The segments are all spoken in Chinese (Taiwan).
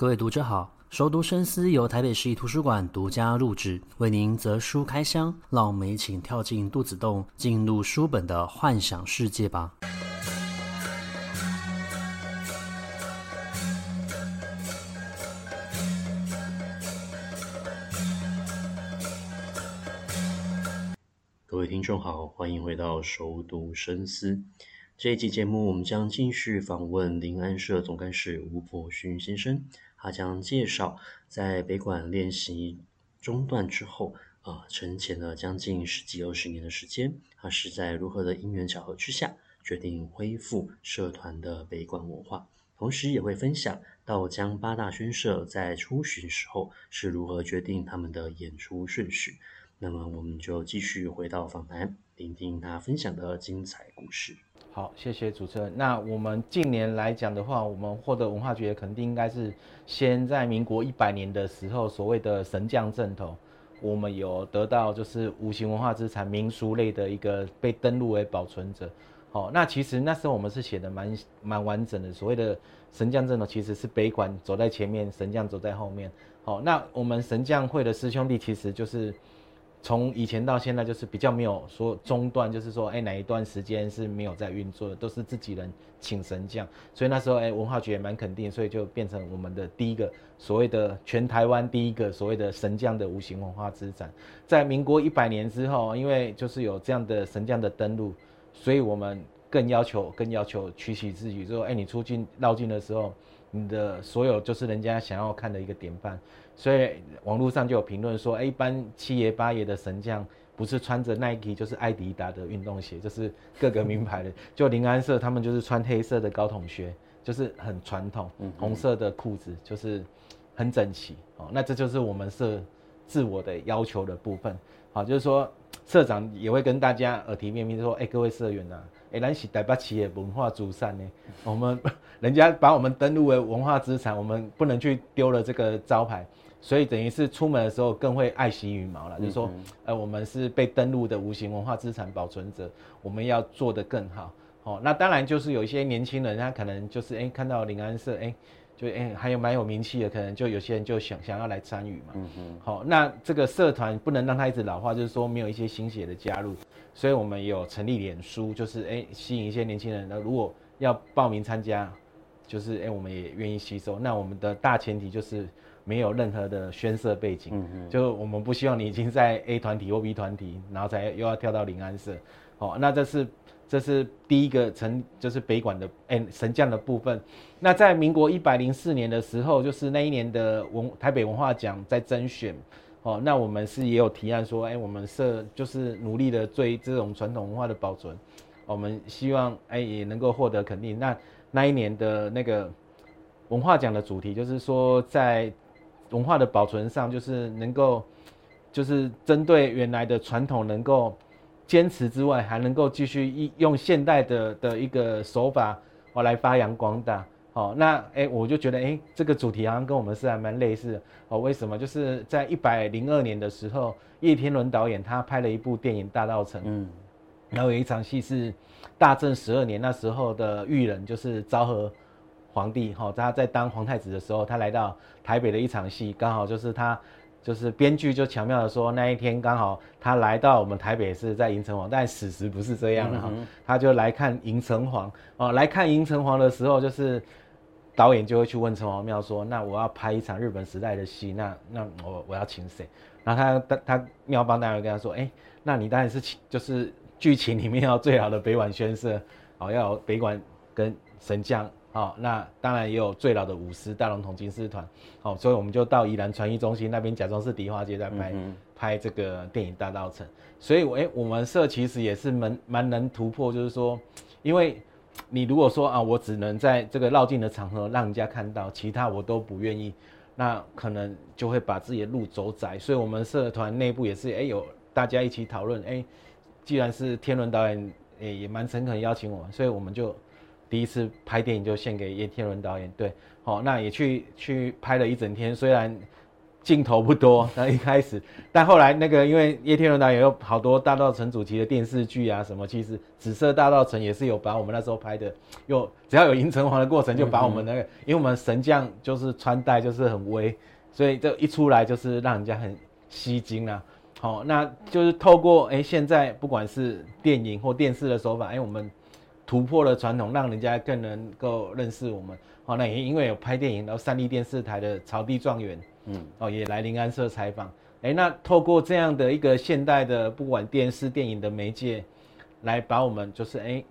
各位讀者好，熟讀深思由台北市立圖書館獨家錄製，為您擇書開箱，讓我們一起跳進肚子洞，進入書本的幻想世界吧。各位聽眾好，歡迎回到熟讀深思。這一期節目，我們將繼續訪問靈安社總幹事吳柏勳先生。他將介紹，在北管練習中斷之後，啊，沉潛了將近十幾二十年的時間，他是在如何的因緣巧合之下，決定恢復社團的北管文化，同時也會分享稻江八大軒社在出巡時候是如何決定他們的演出順序。那麼，我們就繼續回到訪談，聆聽他分享的精彩故事。好，謝謝主持人。那我們近年來講的話，我們獲得文化局肯定應該是先在民國一百年的時候，所謂的神將陣頭，我們有得到就是無形文化資產民俗類的一個被登錄為保存者。好，那其實那時候我們是寫的蠻蠻完整的。所謂的神將陣頭其實是北管走在前面，神將走在後面。好，那我們神將會的師兄弟其實就是。從以前到現在，就是比較沒有說中斷，就是說，哎，哪一段時間是沒有在運作的，都是自己人請神將，所以那時候，哎，文化局也蠻肯定，所以就變成我們的第一個所謂的全台灣第一個所謂的神將的無形文化資產。在民國一百年之後，因為就是有這樣的神將的登錄，所以我們更要求，更要求取其自於，說，哎，你出軍、繞境的時候，你的所有就是人家想要看的一個典範。所以網絡上就有評論說、欸，一般七爺八爺的神將不是穿着 Nike 就是愛迪達的運動鞋，就是各個名牌的。就靈安社他們就是穿黑色的高筒靴，就是很傳統，紅色的褲子就是很整齊哦、喔。那這就是我們社自我的要求的部分。好、喔，就是說社長也會跟大家耳提面命說，哎、欸，各位社員吶、啊，哎、欸，咱是代表企業文化主善呢，我們人家把我們登錄為文化資產，我們不能去丟了這個招牌。所以等於是出門的時候更會愛惜羽毛了，就是說、嗯，呃，我們是被登錄的無形文化資產保存者，我們要做得更好。好，那當然就是有一些年輕人，他可能就是誒、欸，看到靈安社，誒、欸，就誒、欸，還有蠻有名氣的，可能就有些人就想想要來參與嘛。嗯嗯。好，那這個社團不能讓他一直老化，就是說，沒有一些新血的加入。所以我們有成立臉書，就是誒、欸，吸引一些年輕人。那如果要報名參加，就是誒、欸，我們也願意吸收。那我們的大前提就是。沒有任何的軒社背景、嗯，就我們不希望你已經在 A 團體或 B 團體，然後才又要跳到靈安社。哦，那這是這是第一個成就是北管的，哎，神將的部分。那在民國一百零四年的時候，就是那一年的文台北文化獎在甄選。哦，那我們是也有提案說，哎，我們社就是努力的追這種傳統文化的保存，我們希望哎也能夠獲得肯定。那那一年的那個文化獎的主題就是說在。文化的保存上，就是能夠，就是針對原來的傳統能夠堅持之外，還能夠繼續一用現代的的一個手法來發揚光大。好，那誒，我就覺得誒，這個主題好像跟我們是還蠻類似的。哦，為什麼？就是在一百零二年的時候，葉天倫導演他拍了一部電影《大稻埕》。嗯，然後有一場戲是大正十二年那時候的裕仁，就是昭和。皇帝哈、哦，他在當皇太子的時候，他來到台北的一場戲，剛好就是他，就是編劇就巧妙的說那一天剛好他來到我們台北市在迎城隍，但事實不是這樣的哈、嗯嗯，他就來看迎城隍哦，來看迎城隍的時候，就是導演就會去問城隍廟說，那我要拍一場日本時代的戲，那那我我要請誰？然後他他廟方大人跟他說，哎、欸，那你當然是請，就是劇情裡面要最好的北管軒社，哦，要有北管跟神將。好、哦，那當然也有最老的舞獅大龍峒金獅團，好、哦，所以我們就到宜蘭傳藝中心那邊假裝是迪化街在拍，嗯、拍這個電影《大稻埕》。所以哎、欸，我們社其實也是蠻蠻能突破，就是說，因為你如果說啊，我只能在這個繞境的場合讓人家看到，其他我都不願意，那可能就會把自己的路走窄，所以我們社團內部也是哎、欸、有大家一起討論，哎、欸，既然是天倫導演，哎、欸、也蠻誠懇邀請我，所以我們就。第一次拍電影就獻給葉天倫導演，對，好，那也去去拍了一整天，雖然鏡頭不多，那一開始，但後來那個因為葉天倫導演有好多《大稻埕》主題的電視劇啊什麼，其實《紫色大稻埕》也是有把我們那時候拍的，有只要有迎城隍的過程就把我們那個，嗯、因為我們神將就是穿戴就是很威，所以這一出來就是讓人家很吸睛啊，好，那就是透過誒、欸，現在不管是電影或電視的手法，哎、欸、我們。突破了傳統，讓人家更能夠認識我們。好、哦，那也因為有拍電影，然後三立電視台的草地狀元，嗯，哦，也來靈安社採訪。誒、欸，那透過這樣的一個現代的不管電視、電影的媒介，來把我們就是誒、欸，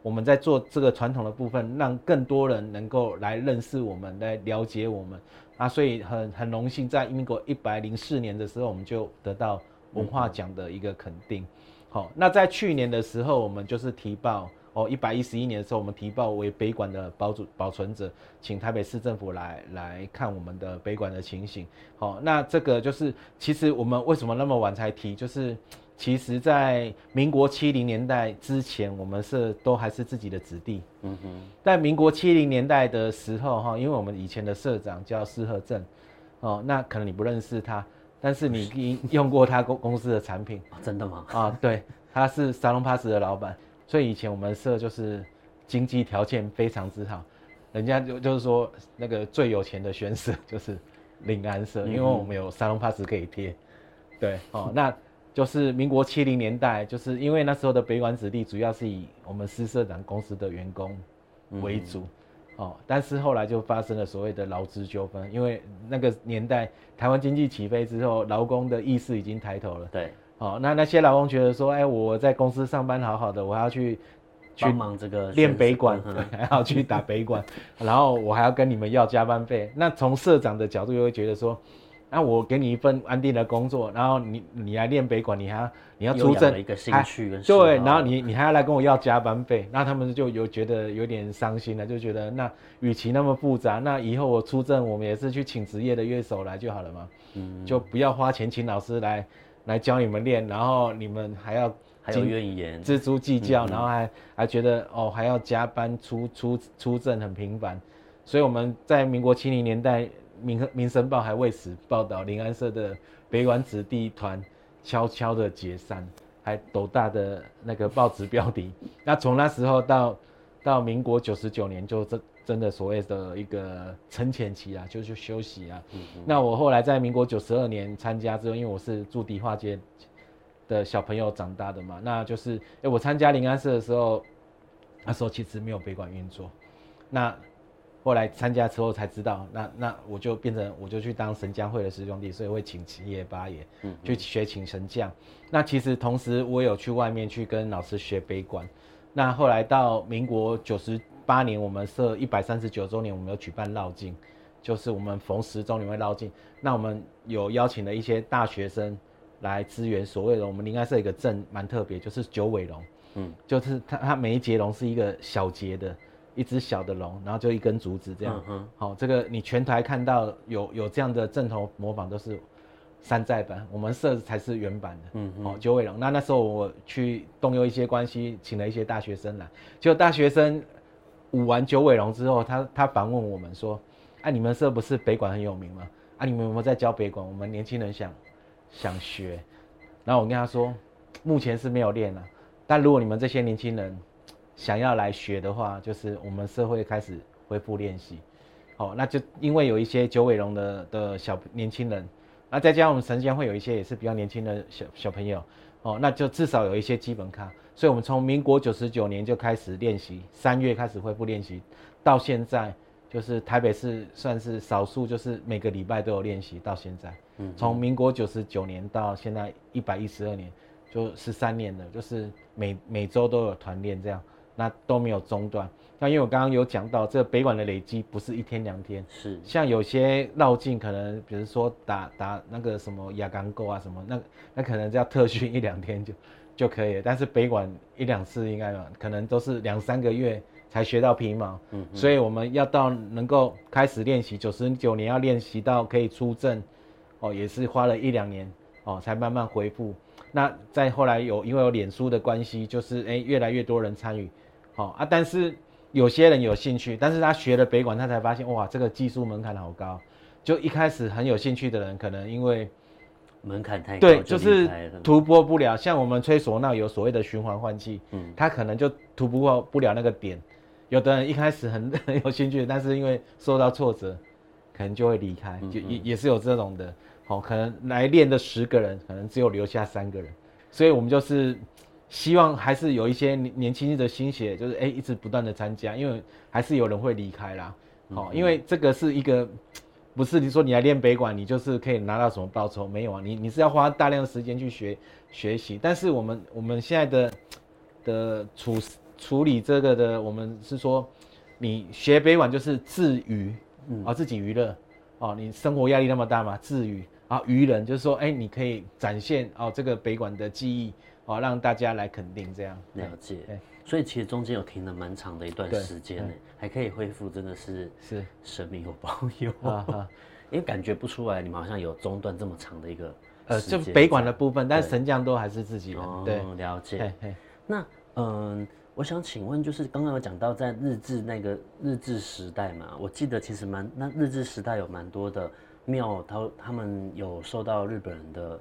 我們在做這個傳統的部分，讓更多人能夠來認識我們，來了解我們。啊，所以很很榮幸，在民國一百零四年的時候，我們就得到文化獎的一個肯定。好、嗯哦，那在去年的時候，我們就是提報。哦，一百一十一年的時候，我們提報為北管的保主保存者，請台北市政府來來看我們的北管的情形。好，oh，那這個就是其實我們為什麼那麼晚才提？就是其實在民國七零年代之前，我們是都還是自己的子弟。嗯哼。但民國七零年代的時候，哈，因為我們以前的社長叫施合鄭。哦，那可能你不認識他，但是你已經用過他公公司的產品。 oh, 真的嗎？啊， 對，他是撒隆巴斯的老闆。所以以前我們社就是經濟條件非常之好，人家就、就是說那個最有錢的軒社就是靈安社，嗯，因為我們有撒隆巴斯可以貼。對、嗯，哦，那就是民國七零年代，就是因為那時候的北管子弟主要是以我們詩社長公司的員工為主，嗯，哦，但是後來就發生了所謂的勞資糾紛，因為那個年代台灣經濟起飛之後，勞工的意識已經抬頭了。對。哦，那那些老公覺得說，哎、欸，我在公司上班好好的，我還要去，去忙這個練北管、嗯，還要去打北管， 然後我還要跟你們要加班費。 那從社長的角度又會覺得說，那、啊、我給你一份安定的工作，然後你你來練北管，你還要你要出陣，還、啊、對，然後你你還要來跟我要加班費，那、嗯、他們就有覺得有點傷心了，就覺得那與其那麼複雜，那以後我出陣，我們也是去請職業的樂手來就好了嘛，嗯、就不要花錢請老師來。來教你們練，然後你們還要還有怨言，錙銖計較，嗯，然後還還覺得哦，還要加班，出出出陣很頻繁，所以我們在民國七零年代，《民民生報》還為此報道，靈安社的北管子弟團悄悄的解散，還斗大的那個報紙標題。那從那時候到。到民國九十九年，就真真的所謂的一個沉潛期啊，就去休息啊、嗯。那我後來在民國九十二年參加之後，因為我是住迪化街的小朋友長大的嘛，那就是哎、欸，我參加靈安社的時候，那時候其實沒有北管運作。那後來參加之後才知道，那那我就變成我就去當神將會的師兄弟，所以會請七爺八爺去學請神將、嗯。那其實同時我有去外面去跟老師學北管。那後來到民國九十八年，我們設一百三十九週年，我們有舉辦繞境，就是我們逢十週年會繞境。那我們有邀請了一些大學生來支援，所謂的我們靈安社一個陣蠻特別，就是九尾龍，嗯，就是它它每一節龍是一個小節的，一隻小的龍，然後就一根竹子這樣。好、嗯哦，這個你全台看到有有這樣的陣頭模仿都是。山寨版，我們社才是原版的。嗯，哦，九尾龍。那那時候我去動用一些關係，請了一些大學生來。結果大學生舞完九尾龍之後，他他反問我們說：“哎、啊，你們社不是北管很有名嗎？啊，你們有沒有在教北管？我們年輕人想想學。”然後我跟他說：“目前是沒有練了、啊，但如果你們這些年輕人想要來學的話，就是我們社會開始恢復練習。好、哦，那就因為有一些九尾龍的的小年輕人。”那再加上我們神將會有一些也是比較年輕的小小朋友哦，那就至少有一些基本咖，所以我們從民國九十九年就開始練習，三月開始恢復練習，到現在就是台北市算是少數，就是每個禮拜都有練習到現在。嗯，從民國九十九年到現在一百一十二年，就十三年了，就是每每周都有團練這樣。那都沒有中斷。那因為我剛剛有講到，這個北管的累積不是一天兩天。是像有些繞境，可能比如說打打那個什麼亞鋼勾啊什麼，那那可能就要特訓一兩天就就可以了。但是北管一兩次應該嘛可能都是兩三個月才學到皮毛。嗯。所以我們要到能夠開始練習，九十九年要練習到可以出陣，哦，也是花了一兩年哦才慢慢恢復。那再後來有因為有臉書的關係，就是哎、欸、越來越多人參與。好、哦、啊，但是有些人有興趣，但是他學了北管，他才發現哇，這個技術門檻好高，就一開始很有興趣的人，可能因為門檻太高，對，就是突破不了。像我們吹嗩吶，有所謂的循環換氣，嗯，他可能就突破不了那個點。嗯、有的人一開始很很有興趣，但是因為受到挫折，可能就會離開，嗯、就也也也是有這種的。好、哦，可能來練的十個人，可能只有留下三個人，所以我們就是。希望還是有一些年輕人的心血，就是誒、欸，一直不斷的參加，因為還是有人會離開啦。哦、嗯，因為這個是一個，不是你說你來練北管，你就是可以拿到什麼報酬？沒有啊，你你是要花大量的時間去學學習。但是我們我們現在的的處處理這個的，我們是說，你學北管就是自娛，啊、嗯哦，自己娛樂，哦，你生活壓力那麼大嘛，自娛啊，娛人就是說，誒、欸，你可以展現哦這個北管的技藝。好，讓大家來肯定這樣了解。所以其實中間有停了蠻長的一段時間呢，還可以恢復，真的是是神明有保佑 uh, uh, 因為感覺不出來，你們好像有中斷這麼長的一個呃，就北管的部分，但神將都還是自己哦。了解。嘿嘿。那嗯、呃，我想請問，就是剛剛有講到在日治那個日治時代嘛，我記得其實蠻那日治時代有蠻多的廟，他他們有受到日本人的。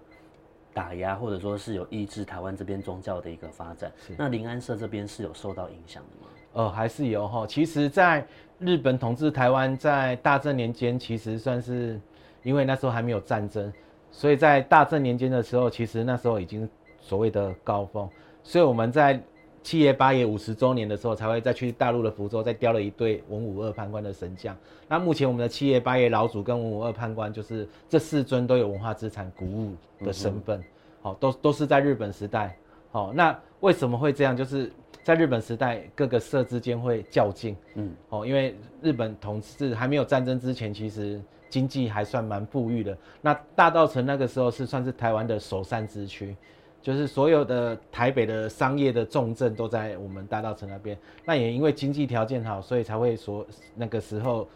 打壓或者說是有抑制台灣這邊宗教的一個發展，是，那靈安社這邊是有受到影響的嗎？呃，還是有哈。其實，在日本統治台灣，在大正年間，其實算是因為那時候還沒有戰爭，所以在大正年間的時候，其實那時候已經所謂的高峰，所以我們在。七爺八爺五十週年的時候，才會再去大陸的福州，再雕了一對文武二判官的神將。那目前我們的七爺八爺老祖跟文武二判官，就是這四尊都有文化資產古物的身份。好、嗯哦，都都是在日本時代。好、哦，那為什麼會這樣？就是在日本時代，各個社之間會較勁。嗯，哦，因為日本統治還沒有戰爭之前，其實經濟還算蠻富裕的。那大稻埕那個時候是算是台灣的首善之區。就是所有的台北的商業的重鎮都在我們大稻埕那邊，那也因為經濟條件好，所以才會說那個時候，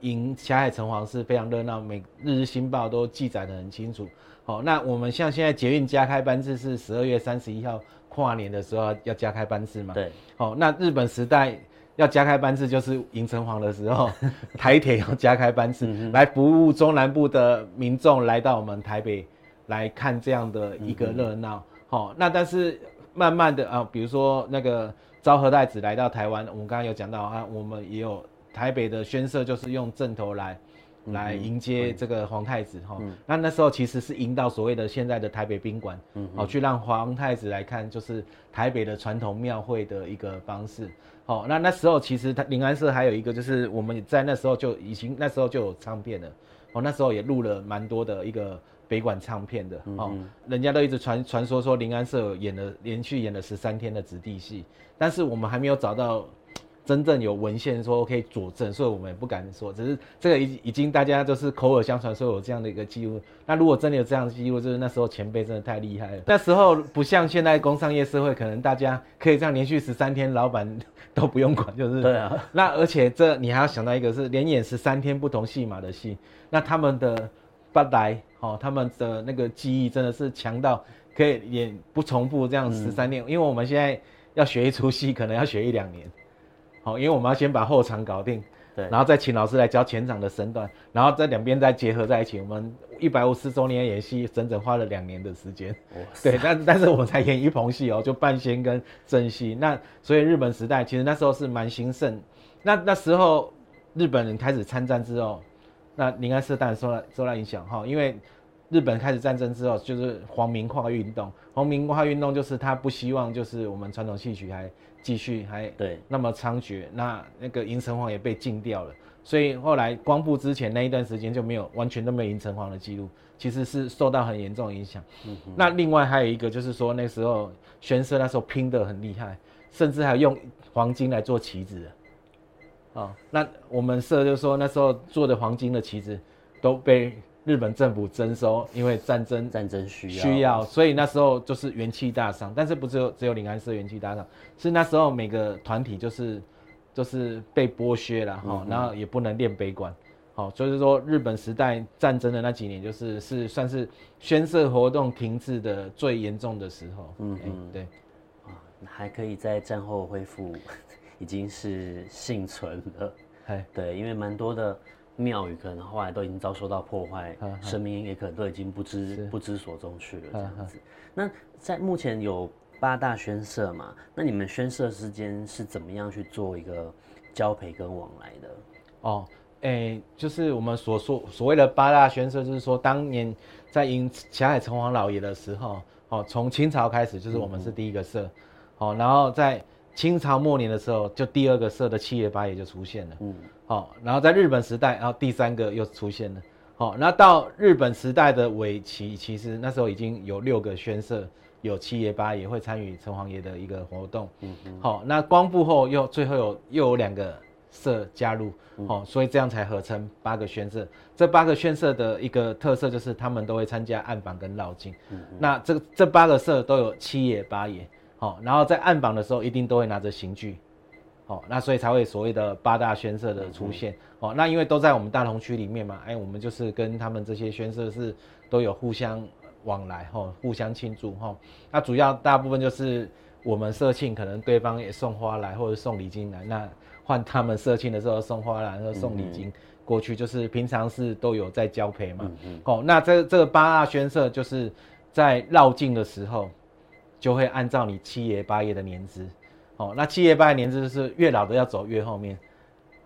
迎霞海城隍是非常熱鬧，每日日新報都記載得很清楚。好、哦，那我們像現在捷運加開班次是十二月三十一號跨年的時候要加開班次嘛？對。好、哦，那日本時代要加開班次就是迎城隍的時候， 台鐵要加開班次、嗯、來服務中南部的民眾來到我們台北。來看這樣的一個熱鬧，好、嗯哦，那但是慢慢的啊、哦，比如說那個昭和太子來到台灣，我們剛剛有講到啊，我們也有台北的軒社就是用陣頭來、嗯、來迎接這個皇太子哈、嗯哦，那那時候其實是迎到所謂的現在的台北賓館，好、嗯哦、去讓皇太子來看就是台北的傳統廟會的一個方式，好、哦，那那時候其實他靈安社還有一個就是我們在那時候就已經那時候就有唱片了。我、哦、那時候也錄了蠻多的一個北管唱片的，哦，嗯嗯，人家都一直傳傳說說靈安社演了，連續演了十三天的子弟戲，但是我們還沒有找到。真正有文獻說可以佐證，所以我們也不敢說，只是這個已已經大家就是口耳相傳，所以有這樣的一個記錄。那如果真的有這樣的記錄，就是那時候前輩真的太厲害了。那時候不像現在工商業社會，可能大家可以這樣連續十三天，老闆都不用管，就是對啊。那而且這你還要想到一個是連演十三天不同戲碼的戲，那他們的發來哦，他們的那個記憶真的是強到可以演不重複這樣十三天，嗯，因為我們現在要學一出戲，可能要學一兩年。好，因為我們要先把後場搞定，對，然後再請老師來教前場的身段，然後在兩邊再結合在一起。我們一百五十週年演戲，整整花了兩年的時間，對，但但是我們才演一棚戲哦，喔，就半仙跟正戲。那所以日本時代其實那時候是蠻興盛，那那時候日本人開始參戰之後，那靈安社當然受了受了影響哈，因為。日本開始戰爭之後，就是皇民化運動。皇民化運動就是他不希望，就是我們傳統戲曲還繼續還對那麼猖獗。那那個銀城隍也被禁掉了，所以後來光復之前那一段時間就沒有完全都沒有銀城隍的記錄，其實是受到很嚴重的影響、嗯。那另外還有一個就是說那時候軒社那時候拼得很厲害，甚至還有用黃金來做旗子啊、哦。那我們社就是說那時候做的黃金的旗子都被。日本政府徵收，因為戰爭需要，戰爭需要需要，所以那時候就是元氣大傷。但是不只有只有靈安社元氣大傷，是那時候每個團體就是就是被剝削了哈、嗯，然後也不能練北管，好、哦，所以就說日本時代戰爭的那幾年就是是算是軒社活動停滯的最嚴重的時候。嗯嗯、欸，對，還可以在戰後恢復，已經是倖存了。對，因為蠻多的。廟宇可能後來都已經遭受到破壞，神、啊、明、啊、也可能都已經不知不知所蹤，去了這樣子，啊啊。那在目前有八大軒社嘛。那你們軒社之間是怎麼樣去做一個交陪跟往來的？哦，哎、欸，就是我們所說所謂的八大軒社，就是說當年在迎霞海城隍老爺的時候，哦，從清朝開始就是我們是第一個社，嗯、哦，然後在。清朝末年的時候，就第二個社的七爺八爺就出現了。嗯，好、哦，然後在日本時代，然後第三個又出現了。好、哦，那到日本時代的尾期，其實那時候已經有六個軒社，有七爺八爺會參與城隍爺的一個活動。嗯，好、哦，那光復後又最後有又有兩個社加入。嗯哦、所以這樣才合稱八個軒社。這八個軒社的一個特色就是他們都會參加暗訪跟繞境、嗯。那這這八個社都有七爺八爺。哦，然後在暗訪的時候一定都會拿着刑具，哦，那所以才會所謂的八大軒社的出現，哦、嗯，那因為都在我們大同區裡面嘛，哎，我們就是跟他們這些軒社是都有互相往來，吼，互相慶祝，吼，那主要大部分就是我們社慶，可能對方也送花來或者送禮金來，那換他們社慶的時候送花來，然後送禮金過去，就是平常是都有在交陪嘛，哦、嗯，那這這個八大軒社就是在繞境的時候。就會按照你七爺八爺的年資，哦，那七爺八爺年資是越老的要走越後面，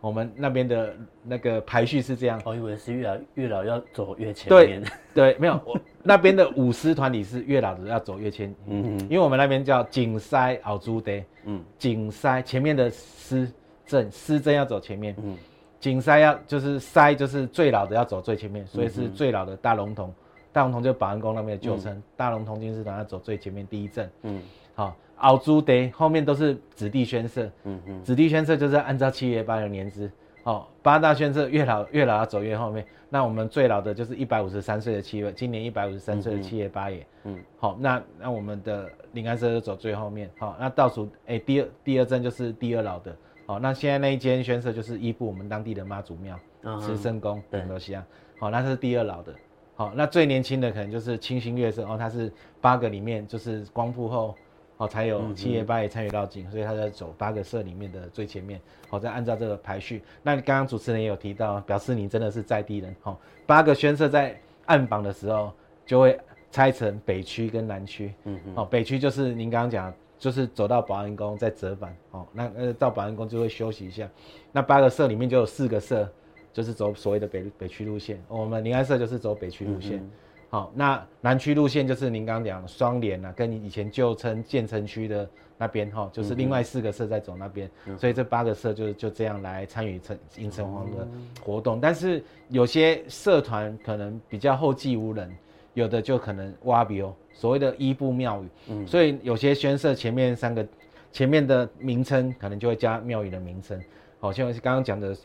我們那邊的那個排序是這樣。我以為是越老，越老要走越前面。對，對，沒有， 我那邊的舞獅團體是越老的要走越前。嗯，因為我們那邊叫井塞奧豬的嗯。井塞前面的獅陣，獅陣要走前面。嗯。井塞要就是塞就是最老的要走最前面，所以是最老的大龍頭。嗯大龍峒就保安宮那邊的舊稱，嗯，大龍峒軍是團要走最前面第一陣，嗯，好，哦，鰲柱後面都是子弟宣社，嗯嗯，子弟宣社就是按照七月八月的年資，哦，八大宣社越老越老要走越後面，那我們最老的就是一百五十三歲的七月，今年一百五十三歲的七月八爺，嗯，嗯，好，哦，那那我們的靈安社就走最後面，好，哦，那倒數、欸，第二第二陣就是第二老的，好，哦，那現在那一間宣社就是依附我們當地的媽祖廟慈聖宮很多西安，好，嗯嗯，那是第二老的。好、哦，那最年輕的可能就是清心樂社哦，他是八個裡面就是光復後哦才有七爺八爺參與到進，嗯，所以他在走八個社裡面的最前面哦，再按照這個排序。那你剛剛主持人也有提到，表示你真的是在地人哦。八個軒社在暗訪的時候就會拆成北區跟南區，嗯，哦，北區就是您剛剛講，就是走到保安宮再折返哦，那呃到保安宮就會休息一下。那八個社裡面就有四個社。就是走所謂的北北區路線，我們靈安社就是走北區路線、嗯。好，那南區路線就是您剛講的雙連啊，跟以前舊稱建成區的那邊哈，就是另外四個社在走那邊、嗯，所以這八個社就就這樣來參與城迎城隍的活動、嗯。但是有些社團可能比較後繼無人，有的就可能挖鼻哦，所謂的依附廟宇、嗯，所以有些軒社前面三個前面的名稱可能就會加廟宇的名稱。好，像我剛剛講的。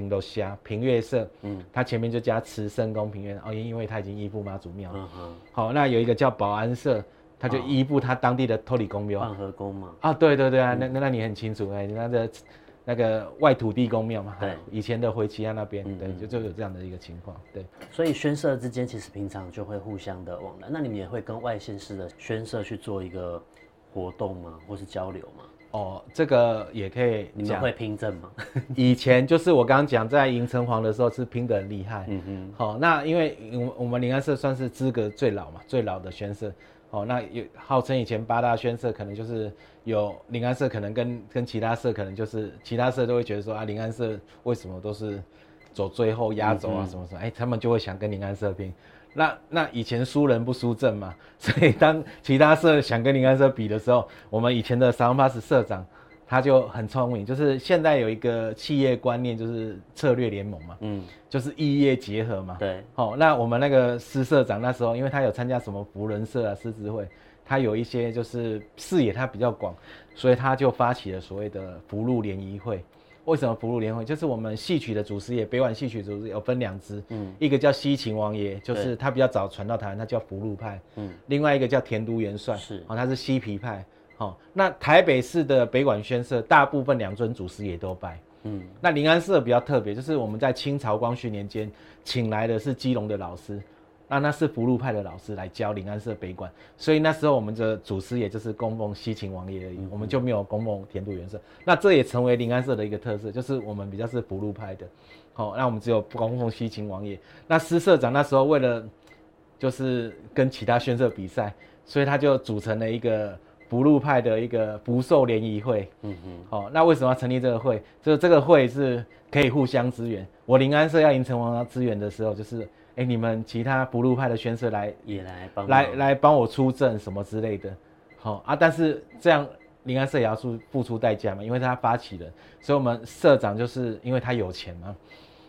平樂社、平樂社，嗯，它前面就加慈生宮、平樂，哦，因因為它已經依附媽祖廟。嗯，嗯好，那有一個叫保安社，他就依附他當地的土地公廟。萬、哦、和宮嘛。啊、哦，對對對啊，嗯、那那你很清楚哎、欸，你那個那個外土地公廟嘛，對，以前的回旗安那邊，對，就就有這樣的一個情況。對，所以軒社之間其實平常就會互相的往來，那你們也會跟外縣市的軒社去做一個活動嗎，或是交流嗎？哦，這個也可以，你們會拼正嗎？ 以前就是我剛剛講，在迎城隍的時候是拼得很厲害。嗯哼，好，哦，那因為我們我們靈安社算是資格最老嘛，最老的軒社。哦，那有號稱以前八大軒社，可能就是有靈安社，可能跟跟其他社可能就是其他社都會覺得說啊，靈安社為什麼都是走最後壓軸啊什麼什麼？哎，嗯欸，他們就會想跟靈安社拼。那那以前輸人不輸陣嘛，所以當其他社想跟靈安社比的時候，我們以前的三八社社長他就很聰明，就是現在有一個企業觀念，就是策略聯盟嘛，嗯，就是異業結合嘛，對，好、哦，那我們那個師社長那時候，因為他有參加什麼扶輪社啊、獅子會，他有一些就是視野他比較廣，所以他就發起了所謂的福祿聯誼會。為什麼福祿聯會？就是我們戲曲的祖師爺，北管戲曲的祖師有分兩支，嗯，一個叫西秦王爺，就是他比較早傳到台灣，他叫福祿派，嗯，另外一個叫田都元帥，是，哦，他是西皮派，好、哦，那台北市的北管軒社大部分兩尊祖師爺都拜，嗯，那靈安社比較特別，就是我們在清朝光緒年間請來的是基隆的老師。那、啊、那是福祿派的老師來教靈安社北管，所以那時候我們的祖師也就是供奉西秦王爺，而已，我們就沒有供奉田都元帥。那這也成為靈安社的一個特色，就是我們比較是福祿派的，好、哦，那我們只有供奉西秦王爺。那施社長那時候為了就是跟其他軒社比賽，所以他就組成了一個福祿派的一個福壽聯誼會。嗯嗯，好，那為什麼要成立這個會？就是這個會是可以互相支援，我靈安社要迎城隍要支援的時候，就是。哎、欸，你們其他不入派的軒社來也來幫來來幫我出陣什麼之類的，好、喔、啊。但是這樣靈安社也要付出代價嘛，因為他發起了，所以我們社長就是因為他有錢嘛，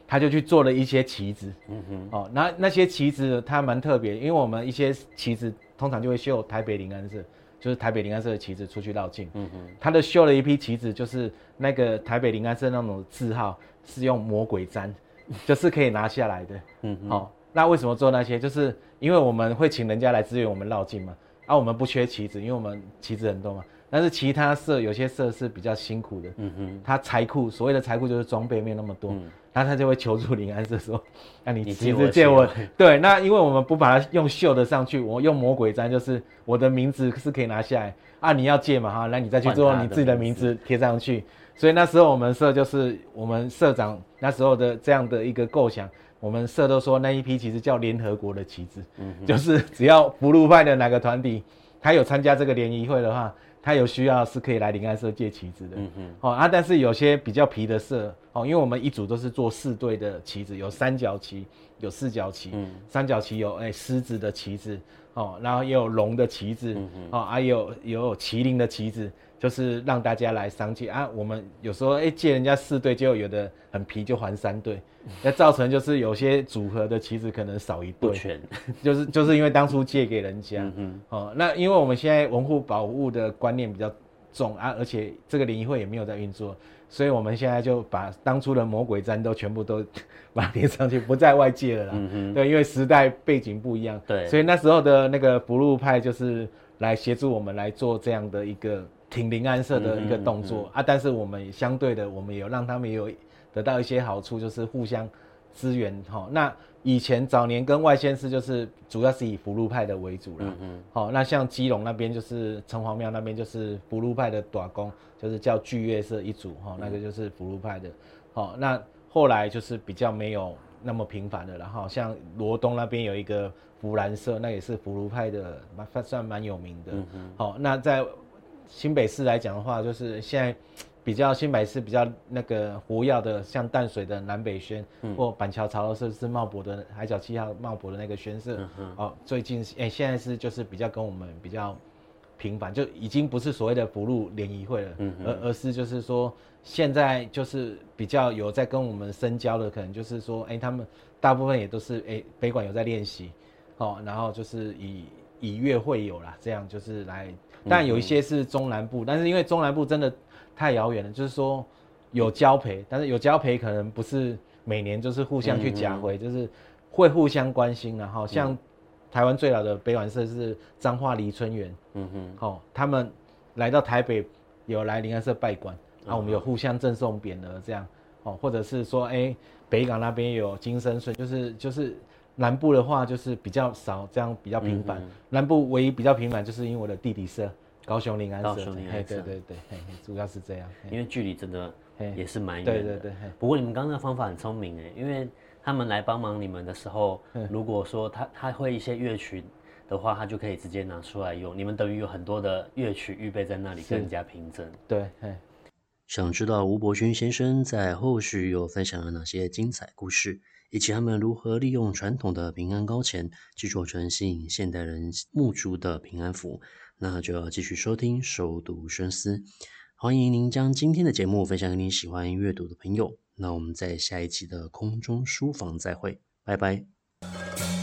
他就去做了一些旗子。嗯哼。哦、喔，那那些旗子他蠻特別，因為我們一些旗子通常就會繡「台北靈安社，就是台北靈安社的旗子出去繞境。嗯哼。他的繡了一批旗子，就是那個台北靈安社那種字號是用魔鬼氈。 就是可以拿下來的，嗯，好、哦，那為什麼做那些？就是因為我們會請人家來支援我們繞境嘛，啊，我們不缺旗子，因為我們旗子很多嘛。但是其他社有些社是比較辛苦的，嗯嗯，他財庫，所謂的財庫就是裝備沒有那麼多，那、嗯、他就會求助靈安社說：“那、啊、你旗子借我。我” 對，那因為我們不把它用繡的上去，我用魔鬼氈，就是我的名字是可以拿下來啊。你要借嘛哈，那你再去做你自己的名字貼上去。所以那時候我們社就是我們社長那時候的這樣的一個構想，我們社都說那一批其實叫聯合國的旗幟，嗯，就是只要福祿派的哪個團體，他有參加這個聯誼會的話，他有需要是可以來靈安社借旗幟的，嗯嗯，哦啊，但是有些比較皮的社。哦，因為我們一組都是做四對的旗子，有三角旗，有四角旗，嗯，三角旗有哎獅、欸、子的旗子，哦、喔，然後也有龍的旗子，哦、嗯，還、啊、有有麒麟的旗子，就是讓大家來商借啊。我們有時候哎、欸、借人家四對，結果有的很皮就還三對，那造成就是有些組合的旗子可能少一對，全， 就是就是因為當初借給人家，嗯，哦、喔，那因為我們現在文物保護的觀念比較重啊，而且這個聯誼會也沒有在運作。所以我們現在就把當初的魔鬼氈都全部都，把它黏上去，不在外界了啦、嗯。對，因為時代背景不一樣。對，所以那時候的那個福祿派就是來協助我們來做這樣的一個挺靈安社的一個動作，嗯哼、嗯哼，啊。但是我們相對的，我們也有讓他們也有得到一些好處，就是互相。資源哈，那以前早年跟外縣市，就是主要是以福祿派的為主了，嗯，好，那像基隆那邊就是城隍廟那邊就是福祿派的打工，就是叫聚月社一組，哈，那個就是福祿派的，好，嗯，那後來就是比較沒有那麼頻繁的了，哈，像羅東那邊有一個福蘭社，那也是福祿派的，算算蠻有名的，嗯嗯，好，那在新北市來講的話，就是現在。比較新北市比較那個活躍的，像淡水的南北軒、嗯，或板橋潮和社是茂伯的海角七號茂伯的那個軒社、嗯。哦，最近哎、欸、現在是就是比較跟我們比較頻繁，就已經不是所謂的不入聯誼會了，嗯、而而是就是說現在就是比較有在跟我們深交的，可能就是說哎、欸、他們大部分也都是哎、欸、北管有在練習，哦，然後就是以以樂會友啦，這樣就是來，但有一些是中南部、嗯，但是因為中南部真的。太遙遠了，就是說有交陪，但是有交陪可能不是每年，就是互相去夾回、嗯，就是會互相關心、啊，然後像台灣最老的北管社是彰化梨春園，嗯哼，哦，他們來到台北有來靈安社拜館、嗯，然後我們有互相贈送匾額這樣，哦，或者是說，哎、欸，北港那邊有金聲順，就是就是南部的話就是比較少，這樣比較頻繁、嗯，南部唯一比較頻繁就是因為我的弟弟社。高雄靈安社，對對對，主要是這樣，因為距離真的也是蠻遠的。對對對，不過你們剛剛的方法很聰明誒，因為他們來幫忙你們的時候，如果說他他會一些樂曲的話，他就可以直接拿出來用。你們等於有很多的樂曲預備在那裡，更加平整。對，想知道吳柏勳先生在後續又分享了哪些精彩故事，以及他們如何利用傳統的平安高錢製作成吸引現代人慕足的平安符。那就要繼續收聽、熟讀深思。歡迎您將今天的節目分享給你喜歡閱讀的朋友。那我們，在下一期的空中書房再會，拜拜。